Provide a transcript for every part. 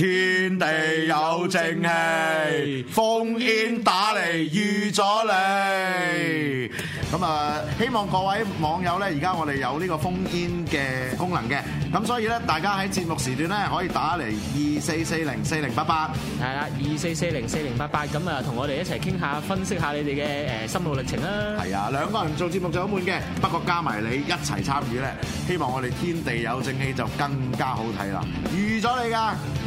天地有正氣，烽煙打嚟預咗你。咁啊，希望各位網友咧，而家我哋有呢個烽煙嘅功能嘅，咁所以咧，大家喺節目時段咧可以打嚟二四四零四零八八，係啦，二四四零四零八八，咁啊，同我哋一齊傾下，分析下你哋嘅誒心路歷程啦。係啊，兩個人做節目就好悶嘅，不過加埋你一齊參與咧，希望我哋天地有正氣就更加好睇啦。預咗你㗎～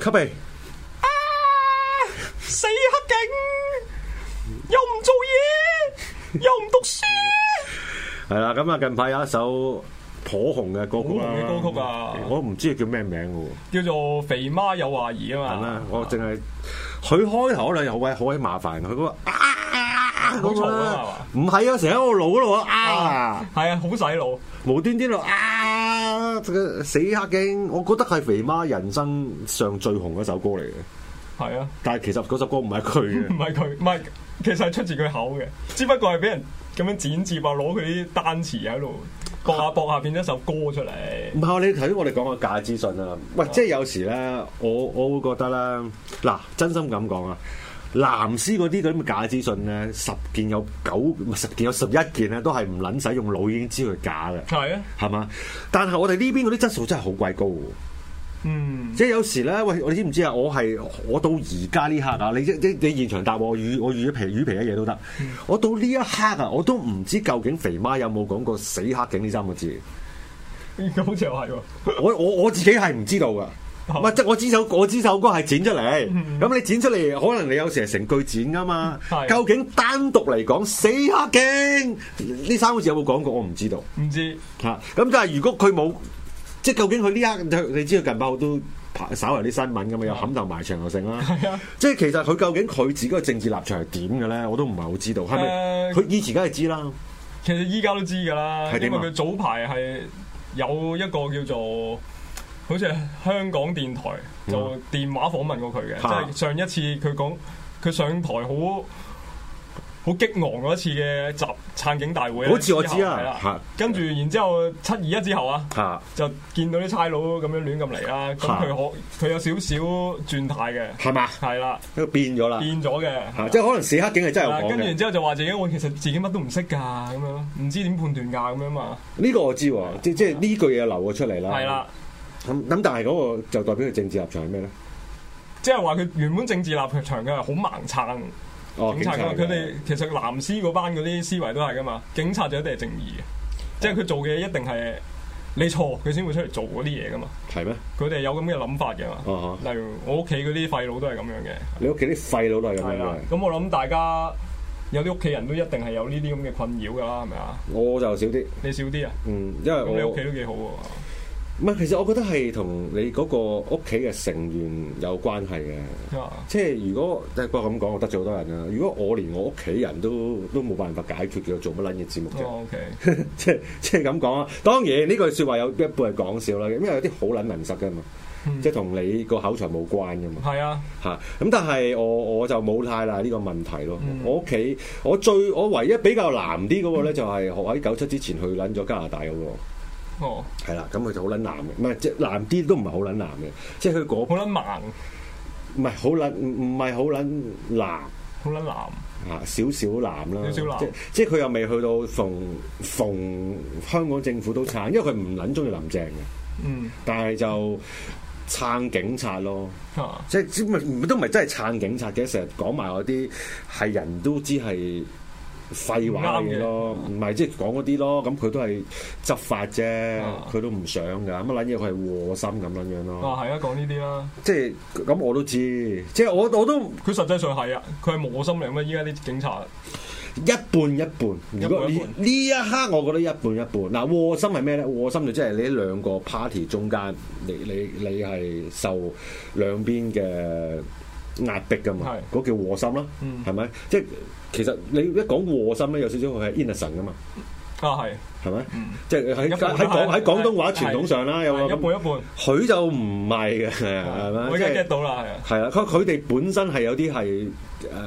吸鼻！啊！死黑警，又唔做嘢，又唔讀書。係啦，咁啊，近排有一首頗紅嘅歌曲歌曲啊，我唔知佢叫咩名嘅、啊。叫做肥媽《肥媽、嗯、嗎有話兒》啊嘛。係啦，我淨係佢開頭嗰兩好鬼好鬼麻煩佢講話啊啊啊，唔係、嗯、啊，成日喺我腦嗰度啊，係啊，好洗腦，無端端咯啊。死黑警，我覺得係肥媽人生上最紅一首歌嚟嘅。係是啊，但係其實嗰首歌唔係佢嘅，唔係佢，唔係，其實係出自佢口嘅，只不過係俾人咁樣剪接啊，攞佢啲單詞喺度駁下駁下，變咗一首歌出嚟。唔係，你睇我哋講緊假資訊啊。喂，即係有時咧，我我會覺得咧，嗱，真心咁講啊。藍絲嗰啲咁嘅假資訊咧，十件有九十件有十一件咧，都係唔撚使用腦已經知佢假嘅。係啊，係嘛？但係我哋呢邊嗰啲質素真係好鬼高。嗯，即係有時咧，喂，你知唔知啊？我係我到而家呢刻啊，你你你現場答我，我魚我魚皮魚皮嘅嘢都得。嗯、我到呢一刻啊，我都唔知究竟肥媽有冇講過死黑警呢三個字。咁好似又係喎，我我我自己係唔知道噶。係，即係 我呢首我呢首歌係剪出嚟，咁 你剪出嚟，可能你有時係成句剪噶嘛。係 的，究竟單獨嚟講，死黑警呢三個字有冇講過？我唔知道。唔知吓，咁但係如果佢冇，即係究竟佢呢一刻，你知道近排好多稍為啲新聞咁啊，有撼頭埋牆又成啦。係啊， 即係其實佢究竟佢自己嘅政治立場係點嘅咧，我都唔係好知道。係咪？佢、uh, 以前梗係知啦。其實依家都知噶啦，因為佢早排係有一個叫做。好似係香港電台就電話訪問過佢嘅，即係上一次佢講佢上台好好激昂嗰一次嘅集撐警大會，好似我知啊，跟住然之後七二一之後啊，就見到啲差佬咁樣亂咁嚟啦。咁佢可佢有少少轉態嘅，係嘛？係啦，變咗啦，變咗嘅，即係可能市黑警係真係講嘅。跟住然之後就話自己我其實自己乜都唔識噶，咁樣唔知點判斷噶咁樣嘛。呢個我知，即即係呢句嘢流咗出嚟啦。咁但係嗰個就代表佢政治立場係咩咧？即係話佢原本政治立場嘅係好盲撐，警察佢哋其實藍絲嗰班嗰啲思維都係噶嘛，警察就，就一定係正義嘅，即係佢做嘅一定係你錯，佢先會出嚟做嗰啲嘢噶嘛。係咩？佢哋有咁嘅諗法嘅嘛。例如我屋企嗰啲廢佬都係咁樣嘅。你屋企啲廢佬都係咁樣嘅。咁我諗大家有啲屋企人都一定係有呢啲咁嘅困擾噶啦，係咪啊？我就少啲。你少啲啊？嗯，因為你屋企都幾好，啊唔係，其實我覺得係同你嗰個屋企嘅成員有關係嘅。Yeah. 即係如果不過咁講，我得罪好多人啦。如果我連我屋企人都都冇辦法解決嘅，做乜撚嘅節目啫，oh, okay. ？即係即係咁講啊。當然呢句説話有一半係講笑啦，因為有啲好撚現實噶嘛，mm. 即係同你個口才冇關噶嘛。係啊，mm.，嚇！咁但係我我就冇太啦呢個問題咯，mm.。我屋企我最我唯一比較難啲嗰個咧，就係我喺九七之前去撚咗加拿大嗰個。哦，係啦，咁佢就好捻藍嘅，唔係即係藍啲都唔係好捻藍嘅，即係佢嗰好捻藍，唔係好捻唔係好捻藍，好捻藍啊，少少藍啦，少少藍，即係佢又未去到逢逢香港政府都撐，因為佢唔捻中意林鄭嘅，嗯，但係就撐警察咯，嗯、即係都唔係真係撐警察嘅，成日講埋嗰啲係人都知係。廢話咯，唔係即係講嗰啲咯，咁佢都係執法啫，佢、啊、都唔想噶，乜撚嘢佢係禍心咁撚樣咯。啊，係啊，講呢啲啦，即係咁我都知，即係我我都佢實際上係啊，佢係禍心嚟咩？依家啲警察一半一半，如果呢一,一,一刻我覺得一半一半，嗱禍心係咩咧？禍心就即係你喺兩個 party 中間，你你你係受兩邊嘅。壓迫噶嘛，嗰，叫和心啦，係咪？即係其實你一講和心咧，有少少係 innocent 噶嘛，啊係，係咪？即係喺喺廣喺廣東話傳統上啦，有冇？一半一半，佢就唔係嘅，係咪？我 get 到啦，係啊，佢佢哋本身係有啲係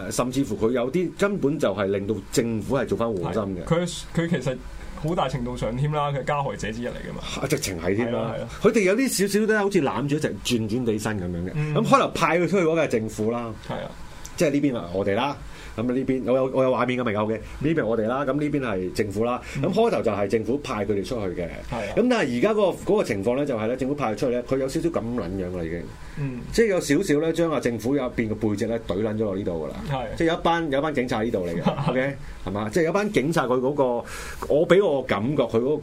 誒，甚至乎佢有啲根本就係令到政府係做翻和心嘅，佢佢其實。好大程度上添啦，佢係加害者之一嚟嘅嘛，直情係添啦。佢哋的有啲少少咧，好似攬住一隻轉轉地身咁樣嘅。咁、嗯、可能派佢出去嗰個係政府的啦，係啊，即係呢邊啊，我哋啦。咁呢邊我有我有畫面嘅，咪 OK？呢邊我哋啦，咁呢邊係政府啦。咁開頭就係政府派佢哋出去嘅。係的。咁但係而家嗰個情況咧，就係咧政府派佢出去咧，佢有少少咁撚樣啦，已經、嗯。即係有少少咧，將啊政府入邊嘅背脊咧，懟撚咗落呢度噶啦。係。即係有一班的有一班警察呢度嚟嘅，O K，係嘛？即係有一班警察佢嗰、嗰個，我俾我感覺佢嗰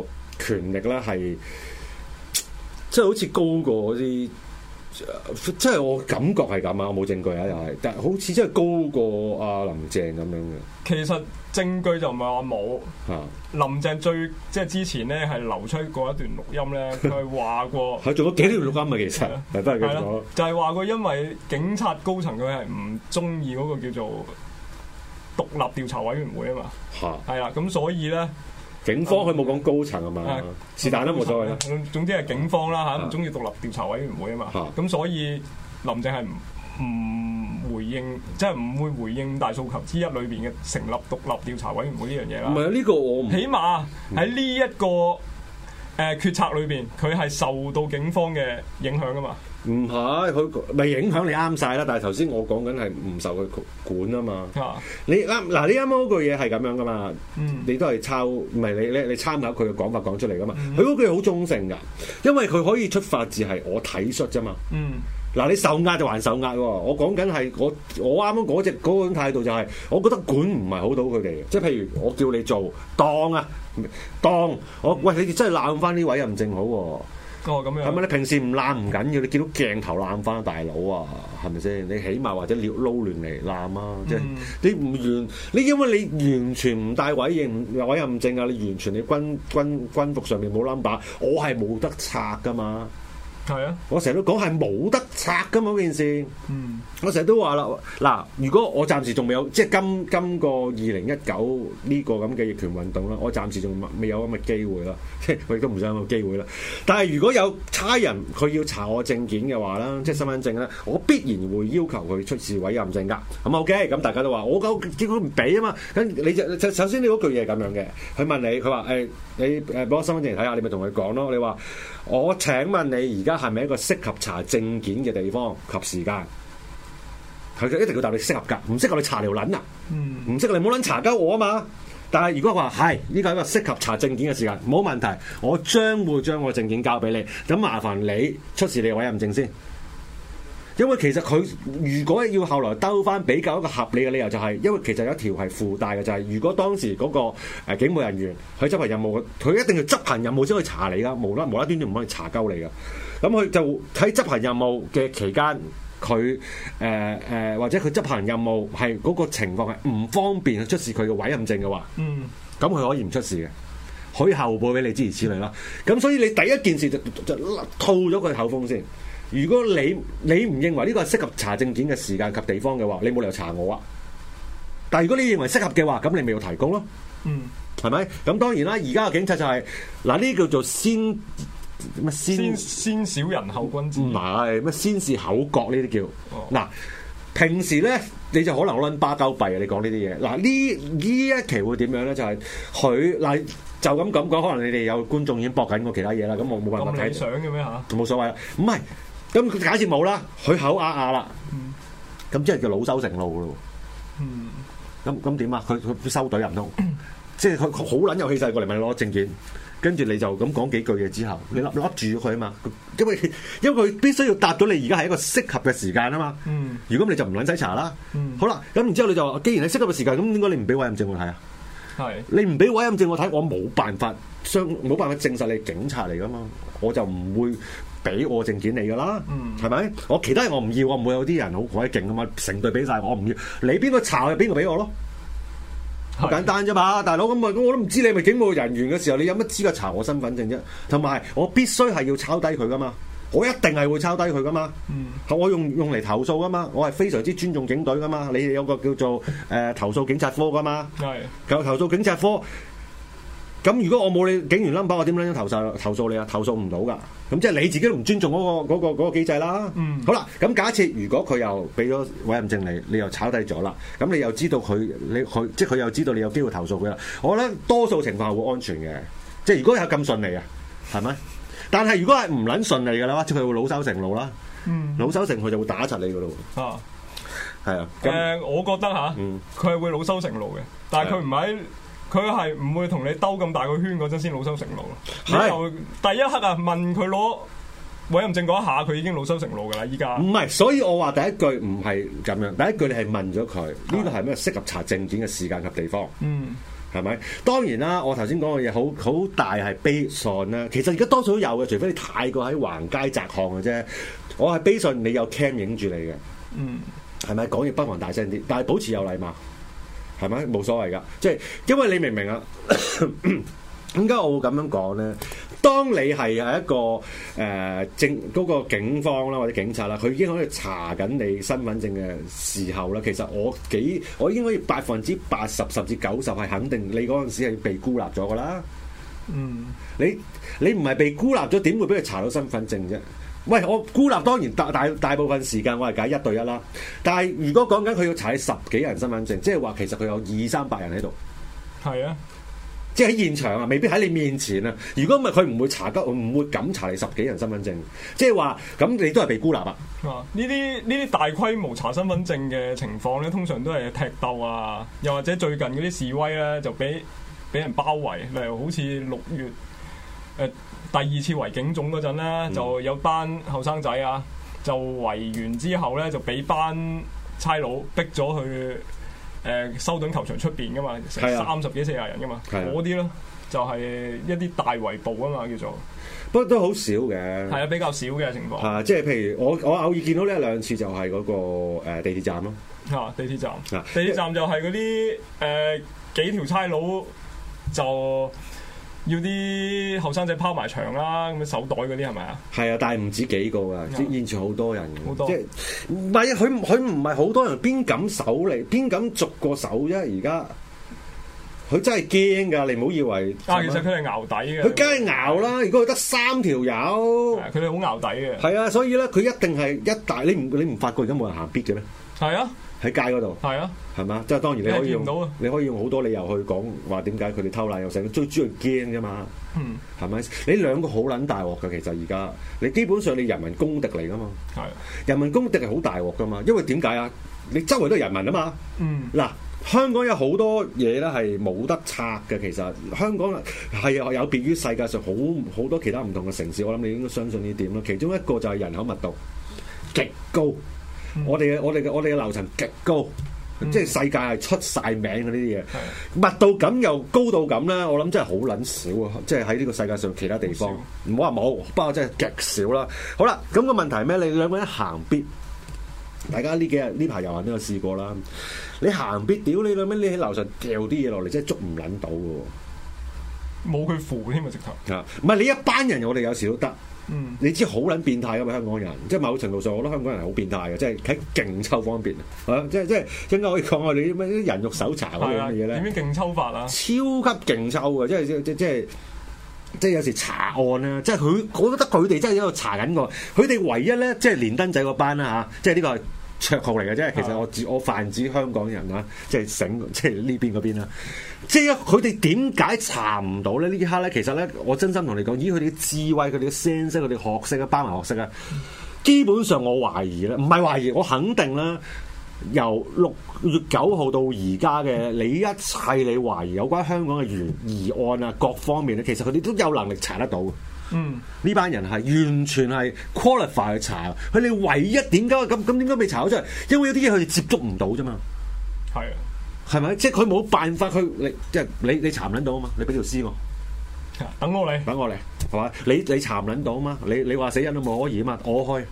個權力咧係，即係好似高過嗰啲，即係我感覺係咁啊，我冇證據啊，又係，但係好似真係高過阿林鄭咁樣嘅。其實證據就唔係話冇啊。林鄭最即係之前咧係流出過一段錄音咧，佢係話過，係做咗幾條錄音啊。其實係都係幾多，就係話過因為警察高層佢係唔中意嗰個叫做獨立調查委員會啊嘛。吓係啦，咁所以咧。警方佢冇講高層啊嘛，是但都冇所謂。總之係警方啦嚇，唔中意獨立調查委員會啊嘛。咁、啊、所以林鄭係唔唔回應，即係唔會回應大訴求之一裏邊嘅成立獨立調查委員會呢樣嘢啦。唔係啊，呢個我起碼喺呢一個、嗯。誒、呃、決策裏邊，佢係受到警方嘅影響啊嘛，唔係佢咪影響你啱晒啦。但係頭先我講緊係唔受佢管啊嘛。啊你啱嗱、啊，你啱啱嗰句嘢係咁樣噶嘛。嗯、你都係抄，唔係你你你參考佢嘅講法講出嚟噶嘛。佢嗰、嗯、句好忠誠噶，因為佢可以出發字係我體恤啫嘛。嗯，嗱、啊、你受壓就還受壓喎。我講緊係我我啱啱嗰隻嗰種、嗰個、態度就係，我覺得管唔係好到佢哋即係譬如我叫你做當啊。當當我、嗯、喂你哋真係攬翻呢委任證好喎、啊，係咪、哦、你平時唔攬唔緊要，你見到鏡頭攬翻大佬啊，係咪先？你起碼或者撩撈亂嚟攬啊，嗯、即係你唔完，你因為你完全唔戴委任委任證啊，你完全你軍軍軍服上面冇 number，我係冇得拆㗎嘛。係啊， 我成日都講係冇得拆噶嘛，件事。嗯，我成日都話啦，嗱，如果我暫時仲未有，即係今今個二零一九呢個咁嘅逆權運動啦，我暫時仲未有咁嘅機會啦，即我亦都唔想有機會啦。但係如果有差人佢要查我證件嘅話啦，即係身份證啦，我必然會要求佢出示委任證噶，咁 OK，咁大家都話我究竟唔俾啊嘛？咁你就首先你嗰句嘢咁樣嘅，佢問你，佢話誒，你誒，俾我身份證睇下，你咪同佢講咯，你話我請問你而家。係咪一個適合查證件嘅地方及時間？佢一定要答你適合噶，唔適合你查條撚啊！唔適合你冇撚查鳩我啊嘛！但係如果話係呢個一個適合查證件嘅時間，冇問題，我將會將個證件交俾你。咁麻煩你出示你委任證先。因為其實佢如果要後來兜翻比較一個合理嘅理由，就是，就係因為其實有一條係附帶嘅，就係、是、如果當時嗰個誒警務人員佢執行任務，佢一定要執行任務先可以查你噶，無啦無啦端都唔可以查鳩你噶咁佢就喺執行任務嘅期間，佢誒誒或者佢執行任務係嗰個情況係唔方便出示佢嘅委任證嘅話，嗯，咁佢可以唔出示嘅，可以後補俾你諸如此類啦。咁所以你第一件事就就，就套咗佢口風先。如果你你唔認為呢個係適合查證件嘅時間及地方嘅話，你冇理由查我啊！但係如果你認為適合嘅話，咁你咪要提供咯。嗯，係咪？咁當然啦，而家嘅警察就係嗱，呢叫做先。乜先先小人後君子唔係乜先是口角呢啲叫嗱？Oh. 平時咧你就可能好捻巴鳩閉啊！你講呢啲嘢嗱呢呢一期會點樣咧？就係佢嗱就咁咁講，可能你哋有觀眾已經搏緊過其他嘢啦。咁我冇辦法睇想嘅咩吓？冇所謂啦，唔係咁假設冇啦，佢口啞啞啦，咁、mm. 即係叫老羞成怒咯。嗯、mm.，咁咁點啊？佢佢收隊又唔通？Mm. 即係佢好捻有氣勢過嚟問你攞證件？跟住你就咁講幾句嘢之後，你笠住佢啊嘛，因為因為佢必須要答到你而家係一個適合嘅時間啊嘛。如果、嗯、你就唔撚使查啦，嗯、好啦，咁然之後你就話，既然你適合嘅時間，咁應該你唔俾委任證我睇啊？係是，你唔俾委任證我睇，我冇辦法相冇辦法證實你警察嚟噶嘛，我就唔會俾我證件你噶啦，嗯，係咪？我其他我我人我唔要我唔會有啲人好鬼勁噶嘛，成隊俾晒，我唔要，你邊個查入邊個俾我咯？ 簡單啫嘛，大佬，咁我我都唔知你係咪警務人員嘅時候，你有乜資格查我身份證啫？同埋我必須係要抄低佢噶嘛，我一定係會抄低佢噶嘛。嗯，我用用嚟投訴噶嘛，我係非常之尊重警隊噶嘛。你哋有個叫做誒、呃、投訴警察科噶嘛，係投投訴警察科。咁如果我冇你警員 number，我點樣投訴投訴你啊？投訴唔到噶，咁即係你自己都唔尊重嗰個、嗰個、嗰個機制啦。嗯、好啦，咁假設如果佢又俾咗委任證你，你又炒低咗啦，咁你又知道佢你佢即係佢又知道你有機會投訴佢啦。我覺得多數情況係會安全嘅，即係如果有咁順利啊，係咪？但係如果係唔撚順利嘅啦，即係佢會惱羞成怒啦。嗯，惱羞成怒佢就會打實你噶咯。哦，係啊。誒，我覺得吓，佢係會惱羞成怒嘅，但係佢唔係。佢係唔會同你兜咁大個圈，嗰陣先惱羞成怒咯，係咪？你就第一刻啊，問佢攞委任證嗰下，佢已經惱羞成怒噶啦，依家唔係，所以我話第一句唔係咁樣，第一句你係問咗佢，呢個係咩適合查證件嘅時間及地方，嗯，係咪？當然啦，啊，我頭先講嘅嘢好好大係 based on 啦，其實而家多數都有嘅，除非你太過喺橫街窄巷嘅啫，我係 based on 你有 cam 影住你嘅，嗯，係咪？講嘢不妨大聲啲，但係保持有禮貌。係咪？冇所謂噶，即係因為你明唔明啊？點解 我會咁樣講咧？當你係誒一個誒警嗰個警方啦，或者警察啦，佢已經可以查緊你身份證嘅時候啦，其實我幾我已經可以百分之八十甚至九十係肯定你嗰陣時係被孤立咗噶啦。嗯，你你唔係被孤立咗，點會俾佢查到身份證啫？喂，我孤立當然大大大部分時間我係解一對一啦，但係如果講緊佢要查你十幾人身份證，即係話其實佢有二三百人喺度。係啊，即係喺現場啊，未必喺你面前啊。如果唔係佢唔會查得，唔會敢查你十幾人身份證。即係話咁，你都係被孤立啊，啊。呢啲呢啲大規模查身份證嘅情況咧，通常都係踢竇啊，又或者最近嗰啲示威咧，就俾俾人包圍，例如好似六月。誒，第二次圍警總嗰陣咧，嗯、就有班後生仔啊，就圍完之後咧，就俾班差佬逼咗去誒、呃，修頓球場出邊噶嘛，成三十幾四十人噶嘛，嗰啲咯，就係、是、一啲大圍捕啊嘛，叫做，不過都好少嘅，係啊，比較少嘅情況，啊，即係譬如我我偶爾見到呢一兩次就，就係嗰個誒地鐵站咯，啊，地鐵站，啊、地鐵站就係嗰啲誒幾條差佬就。要啲後生仔拋埋牆啦，咁手袋嗰啲係咪啊？係啊，但係唔止幾個㗎，現場好多人嘅，即係唔係啊？佢佢唔係好多人邊敢手嚟，邊敢逐個手啫。而家佢真係驚㗎，你唔好以為。但係、啊、其實佢係淆底嘅，佢梗係淆啦。的如果佢得三條友，佢哋好淆底嘅。係啊，所以咧，佢一定係一大，你唔你唔發覺而家冇人行 beat 嘅咧。係啊。喺街嗰度，係啊，係嘛，即係當然你可以用，用到啊，你可以用好多理由去講話點解佢哋偷懶又成，最主要驚㗎嘛，嗯，係咪？你兩個好撚大鑊㗎，其實而家，你基本上你人民公敵嚟噶嘛，係、啊，人民公敵係好大鑊噶嘛，因為點解啊？你周圍都係人民啊嘛，嗯，嗱，香港有好多嘢咧係冇得拆嘅，其實香港係有有別於世界上好好多其他唔同嘅城市，我諗你應該相信呢點咯。其中一個就係人口密度極高。我哋嘅我哋嘅我哋嘅樓層極高，嗯、即係世界係出晒名嘅呢啲嘢，是的 密到咁又高到咁啦，我諗真係好撚少啊！即係喺呢個世界上其他地方，唔好話冇，不過真係極少啦。好啦，咁、那個問題咩？你兩個人行必，大家呢幾日呢排遊行都有試過啦。你行必，屌你兩蚊，你喺樓上掉啲嘢落嚟，真係捉唔撚到嘅。冇佢扶添啊！直頭唔係你一班人，我哋有時都得。嗯， 你知好撚變態噶嘛，香港人，即係某程度上，我覺得香港人係好變態嘅，即係喺勁抽方面，係、啊、嘛？即係即係應該可以講我哋啲人肉搜查嗰啲嘢咧？點樣勁抽法啊？法超級勁抽嘅，即係即即即係即係有時查案咧，即係佢，我覺得佢哋真係喺度查緊我，佢哋唯一咧，即係連登仔嗰班啦嚇、啊，即係呢個。噱局嚟嘅啫，其實我我泛指香港人啊，即係省，即係呢邊嗰邊啦。即係佢哋點解查唔到呢？呢刻咧，其實咧，我真心同你講，以佢哋嘅智慧，佢哋嘅 sense，佢哋學識啊，包埋學識啊，基本上我懷疑啦，唔係懷疑，我肯定啦。由六月九號到而家嘅你一切，你懷疑有關香港嘅懸疑案啊，各方面咧，其實佢哋都有能力查得到。嗯，呢班人係完全係 qualify 去查佢哋，唯一點解咁咁點解未查到出嚟？因為有啲嘢佢哋接觸唔到啫嘛，係係咪？即係佢冇辦法去，你、嗯、即係你你查唔到啊嘛？你俾條屍我，等我嚟，等我嚟係嘛？你你查唔到啊嘛？你你話死因都冇可以啊嘛？我開，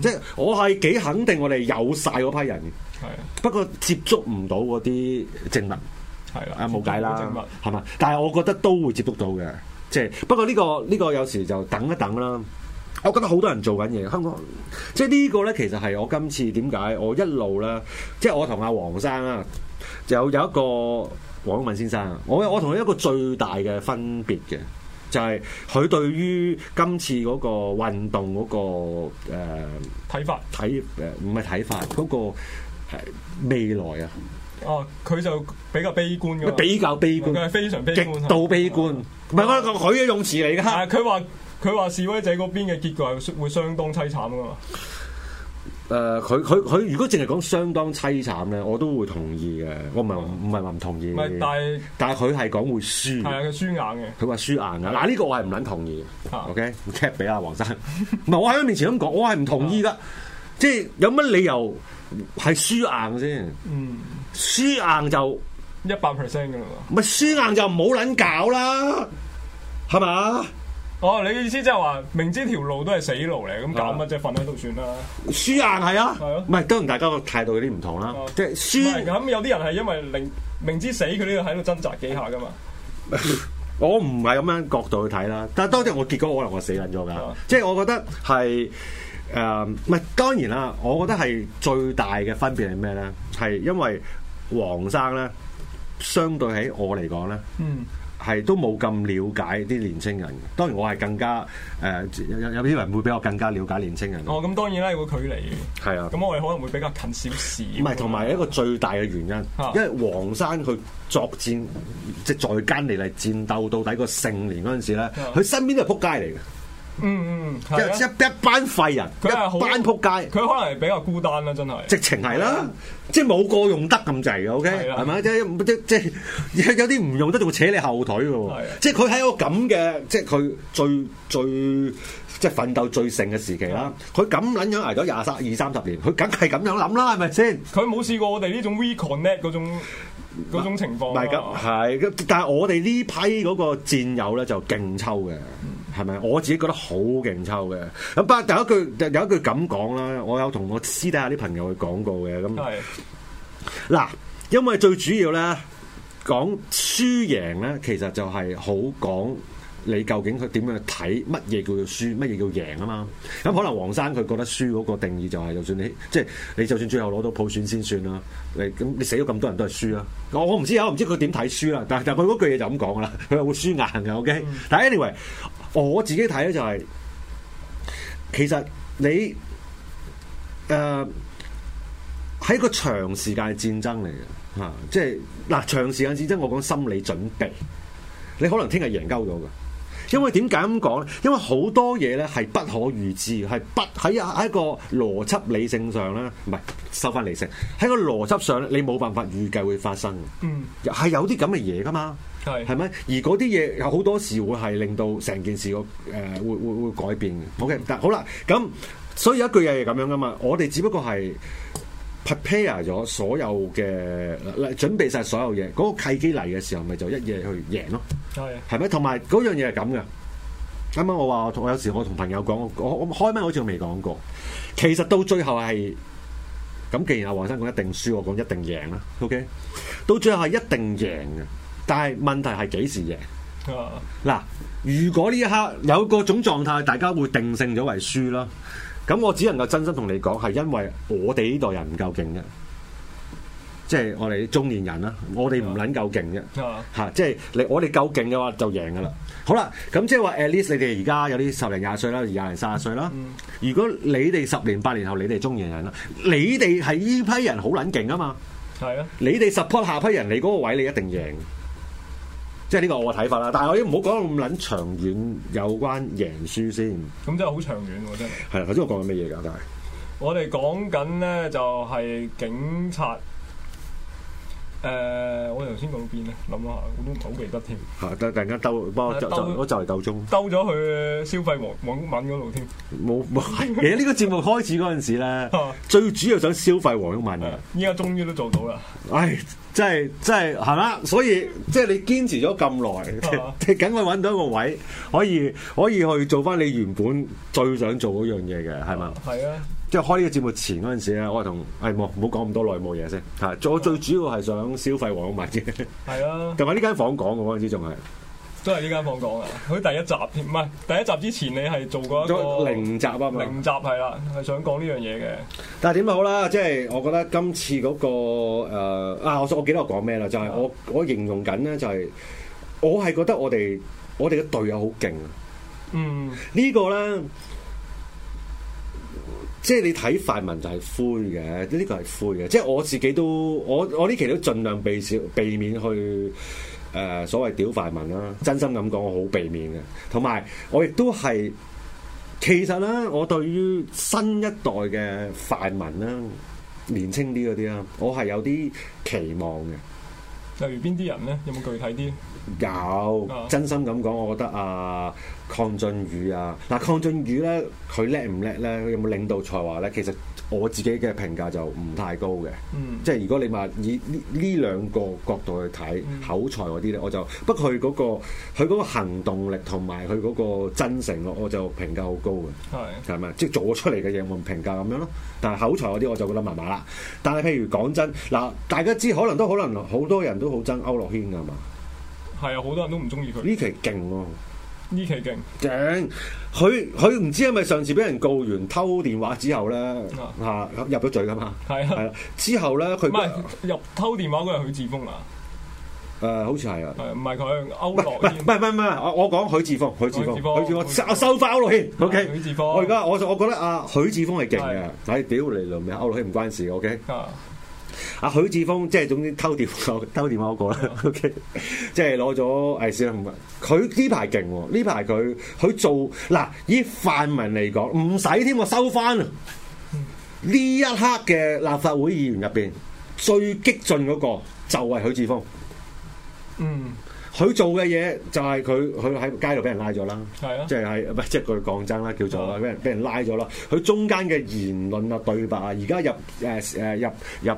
即係我係幾肯定，我哋有晒嗰批人係的不過接觸唔到嗰啲證物，係的啊，冇計啦，係嘛？但係我覺得都會接觸到嘅。即係、就是、不過呢、這個呢、這個有時就等一等啦。我覺得好多人做緊嘢，香港即係、就是、呢個咧，其實係我今次點解我一路咧，即、就、係、是、我同阿黃生啊，有有一個黃敏先生，我我同佢一個最大嘅分別嘅，就係、是、佢對於今次嗰個運動嗰、那個睇、呃、法睇誒唔係睇法嗰、那個未來啊。哦，佢就比較悲觀㗎，比較悲觀，係、嗯、非常悲觀，極度悲觀。嗯嗯嗯唔係，我佢嘅用詞嚟噶。佢話佢話示威者嗰邊嘅結局係會相當凄慘噶嘛、呃？誒，佢佢佢如果淨係講相當凄慘咧，我都會同意嘅。我唔係唔係話唔同意。但係、嗯、但係佢係講會輸。係啊，佢輸硬嘅。佢話輸硬啊！嗱，呢個我係唔撚同意嘅。OK，cap 俾阿黃生。唔係，我喺佢面前咁講，我係唔同意噶。即係有乜理由係輸硬先？嗯，輸硬就。一百 percent 噶啦，咪輸硬就唔好撚搞啦，係咪？哦，你嘅意思即係話明知條路都係死路嚟，咁搞乜即係瞓喺度算啦？輸硬係啊，唔係當然大家個態度有啲唔同啦，啊、即係輸咁有啲人係因為明明知死佢都要喺度掙扎幾下噶嘛。 我唔係咁樣角度去睇啦，但係當中我結果可能我死撚咗噶，即係、啊、我覺得係誒唔係當然啦。我覺得係最大嘅分別係咩咧？係因為黃生咧。相對喺我嚟講咧，係、嗯、都冇咁了解啲年青人。當然我係更加誒、呃、有有啲人會比我更加了解年青人。哦，咁當然啦，會佢離，係啊，咁我哋可能會比較近少少。唔係，同埋一個最大嘅原因，啊、因為黃生佢作戰即、係、在間嚟嚟戰鬥到底個盛年嗰陣時咧，佢、啊、身邊都係撲街嚟嘅。嗯嗯，啊、一一班廢人，佢係班仆街，佢可能比較孤單啦，真係、啊。直情係啦，即係冇個用得咁滯嘅，OK，係咪即係即係有啲唔用得，仲會扯你後腿嘅、啊，即係佢喺個咁嘅，即係佢最最即係奮鬥最盛嘅時期啦。佢咁、啊、樣樣挨咗廿三、二三十年，佢梗係咁樣諗啦，係咪先？佢冇試過我哋呢種 we connect 嗰種種情況、嗯。唔係咁係，但係我哋呢批嗰個戰友咧就勁抽嘅。係咪？我自己覺得好勁抽嘅。咁不過，第一句有一句咁講啦。我有同我私底下啲朋友去講過嘅。咁嗱，的因為最主要咧，講輸贏咧，其實就係好講你究竟佢點樣去睇乜嘢叫做輸，乜嘢叫贏啊嘛。咁可能黃生佢覺得輸嗰個定義就係、是，就算你即係、就是、你就算最後攞到普選先算啦、啊。你咁你死咗咁多人都係輸啦。我唔知我唔知佢點睇輸啦。但係但係佢嗰句嘢就咁講噶啦，佢會輸硬嘅。O、okay? K，、嗯、但係 anyway。我自己睇咧就係、是，其實你誒、呃、一個長時間戰爭嚟嘅吓，即係嗱、啊、長時間戰爭我講心理準備，你可能聽日贏鳩咗噶，因為點解咁講咧？因為好多嘢咧係不可預知，係不喺喺一個邏輯理性上咧，唔係收翻理性喺個邏輯上咧，你冇辦法預計會發生嘅，嗯，係有啲咁嘅嘢噶嘛。係，係咪？而嗰啲嘢有好多時會係令到成件事個誒、呃，會會會改變嘅。OK，但係好啦，咁所以有一句嘢係咁樣㗎嘛。我哋只不過係 prepare 咗所有嘅準備晒所有嘢，嗰、嗰個契機嚟嘅時候，咪就一嘢去贏咯。係咪、oh yeah？同埋嗰樣嘢係咁嘅。啱啱我話我同我有時我同朋友講，我我開咩好似未講過。其實到最後係咁，既然阿黃生講一定輸，我講一定贏啦。OK，到最後係一定贏嘅。但係問題係幾時贏？嗱，如果呢一刻有各種狀態，大家會定性咗為輸啦。咁我只能夠真心同你講，係因為我哋呢代人唔夠勁嘅，即係我哋中年人啦，我哋唔捻夠勁嘅吓，Yeah. 即係你我哋夠勁嘅話就贏噶啦。好啦，咁即係話 at least 你哋而家有啲十零廿歲啦，廿零卅歲啦。如果你哋十年八年後你哋中年人啦，你哋係呢批人好捻勁啊嘛。係啊，你哋 support 下批人，你嗰個位你一定贏。即係呢個我嘅睇法啦，但係我已經要唔好講到咁撚長遠，有關贏輸先。咁真係好長遠喎、啊，真係。係啦，頭先我講緊咩嘢㗎？但係我哋講緊咧就係警察。誒、呃，我頭先講邊咧？諗一下，我都唔係好記得添。嚇、啊！突然間兜，幫我就就嚟兜中，兜咗去消費黃黃毓民嗰度添。冇其實呢個節目開始嗰陣時咧， 最主要想消費黃毓民啊。依家終於都做到啦！唉，真係真係，係啦。所以即係你堅持咗咁耐，梗係揾到一個位，可以可以去做翻你原本最想做嗰樣嘢嘅，係嘛？係啊。即係開呢個節目前嗰陣時啊，我係同，哎，冇，唔好講咁多內幕嘢先，吓，我最主要係想消費網民啫，係啊，同埋呢間房講嘅嗰陣時仲係，都係呢間房講啊，佢第一集，唔係第一集之前你係做過一個零集啊嘛，零集係啦，係、啊、想講呢樣嘢嘅，但係點好啦，即係我覺得今次嗰、嗰個誒、呃，啊，我我記得我講咩啦，就係、係、我我形容緊咧、就係，就係我係覺得我哋我哋嘅隊友好勁啊，嗯，個呢個咧。即係你睇泛民就係灰嘅，呢個係灰嘅。即係我自己都，我我呢期都盡量避少避免去誒、呃、所謂屌泛民啦。真心咁講，我好避免嘅。同埋我亦都係，其實咧我對於新一代嘅泛民啦，年青啲嗰啲啦，我係有啲期望嘅。例如邊啲人咧？有冇具體啲？有、oh. 真心咁講，我覺得啊，鄺俊宇啊，嗱，鄺俊宇咧，佢叻唔叻咧？佢有冇領導才華咧？其實我自己嘅評價就唔太高嘅，mm. 即係如果你話以呢呢兩個角度去睇、mm. 口才嗰啲咧，我就不過佢嗰個佢嗰個行動力同埋佢嗰個真誠，我我就評價好高嘅，係係咪即係做出嚟嘅嘢，我評價咁樣咯。但係口才嗰啲我就覺得麻麻啦。但係譬如講真嗱，大家知可能都可能好多人都好憎區諾軒㗎嘛。係啊，好多人都唔中意佢。呢期勁喎，呢期勁，勁！佢佢唔知係咪上次俾人告完偷電話之後咧，嚇入咗嘴噶嘛？係啊，係啦。之後咧，佢唔係入偷電話嗰個係許智峰啊。誒，好似係啊。唔係佢區諾？唔係唔係唔係，我我講許智峰，許智峰，許智峰收收翻區諾軒。O K。許智峰。我而家我我覺得啊，許智峰係勁嘅。係屌你老味，區諾軒唔關事。O K。阿許智峰，即係總之偷電話，偷電話嗰個啦。 o、okay, K，即係攞咗誒，算、哦、啦，唔佢呢排勁喎，呢排佢佢做嗱，以泛民嚟講唔使添，我收翻，呢一刻嘅立法會議員入邊最激進嗰個就係許智峰。嗯。佢做嘅嘢就係佢佢喺街度俾人拉咗啦，即係喺唔即係佢抗爭啦，叫做俾人俾人拉咗啦。佢中間嘅言論啊、對白啊，而家入誒誒、啊、入、啊、入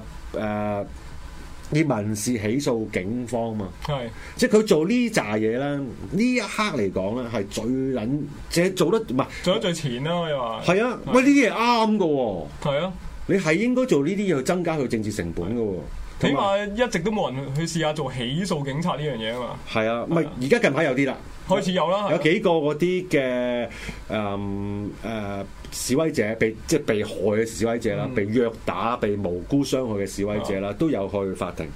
誒啲民事起訴警方嘛，即係佢做呢扎嘢咧，呢一刻嚟講咧係最撚，即係做得唔係做得最前啦，你話？係啊，喂、啊，呢啲嘢啱㗎喎。係啊，你係應該做呢啲嘢去增加佢政治成本㗎喎、哦。起碼一直都冇人去試下做起訴警察呢樣嘢啊嘛，係啊，唔係而家近排有啲啦，開始有啦，啊、有幾個嗰啲嘅誒誒示威者被即係被害嘅示威者啦，嗯、被虐打、被無辜傷害嘅示威者啦，啊、都有去法庭。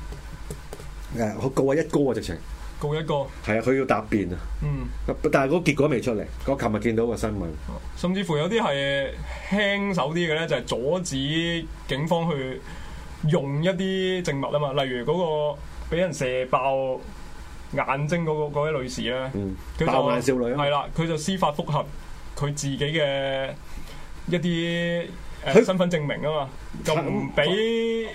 誒，我告啊一哥啊直情告一哥，係啊，佢要答辯啊，嗯，但係個結果未出嚟，我琴日見到個新聞、嗯，甚至乎有啲係輕手啲嘅咧，就係、是、阻止警方去。用一啲植物啊嘛，例如嗰個俾人射爆眼睛嗰個嗰位女士咧，少、嗯、少女，係啦，佢就司法覆核佢自己嘅一啲。佢、呃、身份證明啊嘛，就唔俾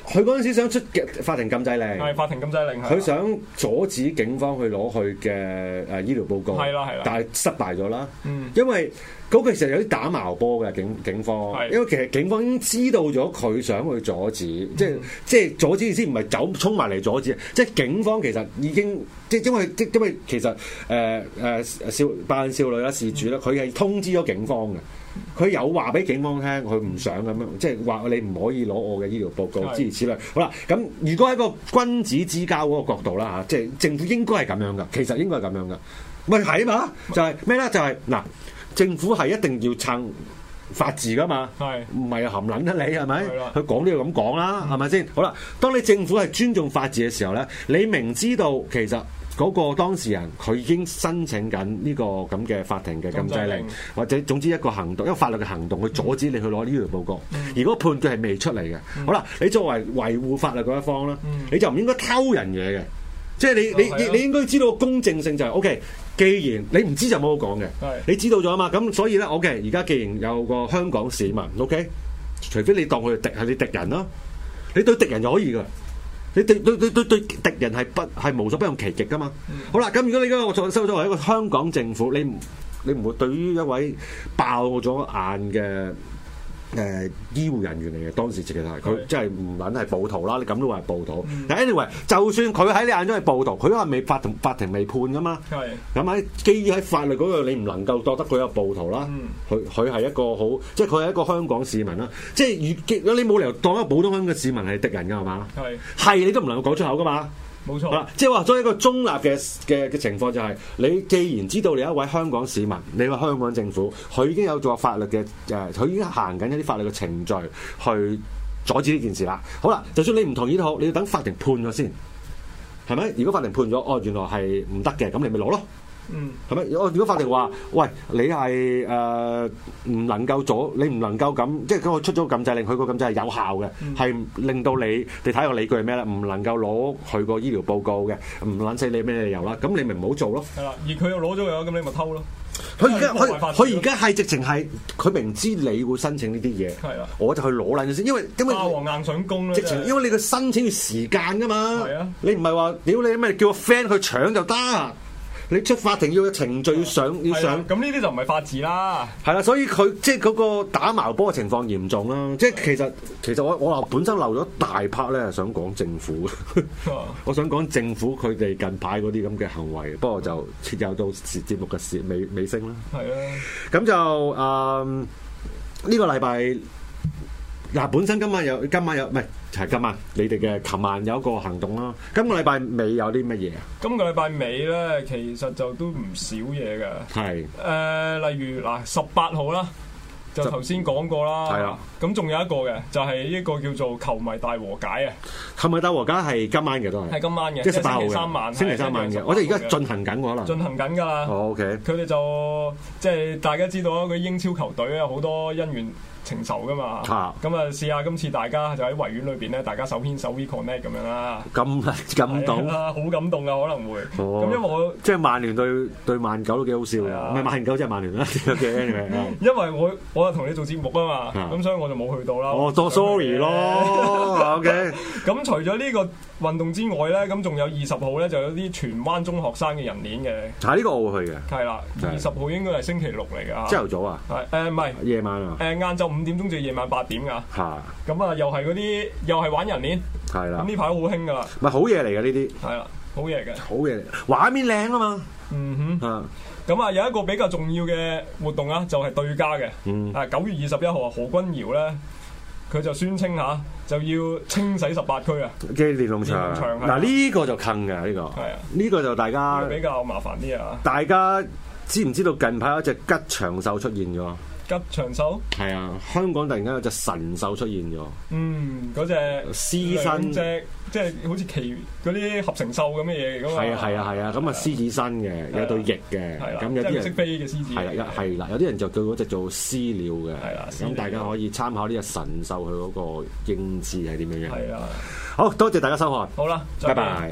佢嗰陣時想出嘅法庭禁制令，係法庭禁制令。佢想阻止警方去攞佢嘅誒醫療報告，係啦係啦，但係失敗咗啦。嗯，因為嗰個其實有啲打矛波嘅警，警方，的因為其實警方已經知道咗佢想去阻止，即係、嗯、即係阻止意思，唔係走衝埋嚟阻止。即係警方其實已經即係因為即因為其實誒誒、呃呃、少班少女啦，事主啦，佢係通知咗警方嘅。佢有話俾警方聽，佢唔想咁樣，即係話你唔可以攞我嘅醫療報告，諸如此類。好啦，咁如果喺個君子之交嗰個角度啦吓，即係政府應該係咁樣噶，其實應該係咁樣噶。咪係啊嘛，就係咩咧？就係、是、嗱，政府係一定要撐法治噶嘛，係唔係含捻得你係咪？佢講都要咁講啦，係咪先？好啦，當你政府係尊重法治嘅時候咧，你明知道其實。嗰個當事人佢已經申請緊呢個咁嘅法庭嘅禁制令，或者總之一個行動，因為法律嘅行動去阻止你去攞呢條報告。而嗰判決係未出嚟嘅。好啦，你作為維護法律嗰一方啦，你就唔應該偷人嘢嘅。即係你你你，你應該知道公正性就係 O K。OK, 既然你唔知就冇好講嘅，你知道咗啊嘛？咁所以咧，O K，而家既然有個香港市民，O、OK, K，除非你當佢係敵你敵人啦，你對敵人就可以噶。你對對對對對敵人係不係無所不用其極㗎嘛？嗯、好啦，咁、嗯、如果你而家我再收咗為一個香港政府，你你唔會對於一位爆咗眼嘅。誒、呃，醫護人員嚟嘅，當時其實係佢，即係唔搵係暴徒啦，的你咁都話係暴徒。但係、嗯、anyway，就算佢喺你眼中係暴徒，佢都係未法庭法庭未判噶嘛。係咁喺基於喺法律嗰、那、度、個，你唔能夠覺得佢係暴徒啦。佢佢係一個好，即係佢係一個香港市民啦。即係如果你冇理由當一個普通香港市民係敵人噶，係嘛的？係的，係你都唔能夠講出口噶嘛。冇錯啦、啊，即係話作為一個中立嘅嘅嘅情況就係、是，你既然知道你一位香港市民，你話香港政府，佢已經有做法律嘅誒，佢、呃、已經行緊一啲法律嘅程序去阻止呢件事啦。好啦，就算你唔同意都好，你要等法庭判咗先，係咪？如果法庭判咗，哦，原來係唔得嘅，咁你咪攞咯。嗯，係咪？如果法庭話喂，你係誒唔能夠阻，你唔能夠咁，即係佢出咗個禁制令，佢個禁制係有效嘅，係、嗯、令到你，你睇下個理據係咩啦？唔能夠攞佢個醫療報告嘅，唔撚死你咩理由啦？咁你咪唔好做咯。係啦，而佢又攞咗又，咁你咪偷咯。佢而家佢佢而家係直情係，佢明知你會申請呢啲嘢，係啦的，我就去攞啦先，因為因為霸王、啊、硬上弓啦，直情接是因為你個申請要時間噶嘛，係啊的，你唔係話屌你咩叫個 friend 去搶就得。你出法庭要程序，要上要上，咁呢啲就唔係法治啦。係啦，所以佢即係嗰個打矛波嘅情況嚴重啦。的即係其實其實我我話本身漏咗大 part 咧，想講政府， 啊、我想講政府佢哋近排嗰啲咁嘅行為。不過就切入到節目嘅尾尾聲啦。係啊，咁的就誒呢、嗯呢個禮拜。嗱，本身今晚有，今晚有，唔係，就係今晚，今晚你哋嘅琴晚有一個行動啦。今個禮拜尾有啲乜嘢啊？今個禮拜尾咧，其實就都唔少嘢嘅。係。誒，例如嗱，十八號啦，就頭先講過啦。係啊的。咁仲有一個嘅，就係、是、呢個叫做球迷大和解啊。係咪大和解係今晚嘅都係？係今晚嘅，號即星期三晚，星期三晚嘅。我哋而家進行緊可能。進行緊㗎啦。OK。佢哋就即係大家知道啦，嗰英超球隊咧，好多恩怨。情仇㗎嘛，咁啊試下今次大家就喺維園裏邊咧，大家手牽手 We connect 咁樣啦。咁感動，好感動啊，可能會。咁因為我即係曼聯對對曼狗都幾好笑啊，唔係曼狗即係曼聯啦，因為我我係同你做節目啊嘛，咁所以我就冇去到啦。我做 sorry 咯，OK。咁除咗呢個運動之外咧，咁仲有二十號咧就有啲荃灣中學生嘅人鏈嘅。嚇，呢個我會去嘅。係啦，二十號應該係星期六嚟㗎。朝頭早啊？係誒，唔係夜晚啊，誒晏晝。五點鐘至夜晚八點㗎，嚇！咁啊，又係嗰啲，又係玩人鏈，係啦。咁呢排好興㗎啦，咪好嘢嚟㗎呢啲，係啦，好嘢嘅，好嘢。嚟。畫面靚啊嘛，嗯哼，咁啊，有一個比較重要嘅活動啊，就係對家嘅，啊，九月二十一號啊，何君堯咧，佢就宣稱嚇，就要清洗十八區啊嘅連儂牆，嗱呢個就近嘅呢個，係啊，呢個就大家比較麻煩啲啊。大家知唔知道近排有一隻吉祥獸出現咗？長壽係啊，香港突然間有隻神獸出現咗。嗯，嗰隻獅身隻即係好似奇嗰啲合成獸咁嘅嘢，係啊係啊係啊，咁啊獅子身嘅，有對翼嘅，係啦，有啲人識飛嘅獅子，係啦，係啦，有啲人就叫嗰隻做獅鳥嘅，係啦，咁大家可以參考呢隻神獸佢嗰個英姿係點樣嘅。係啊，好多謝大家收看，好啦，拜拜。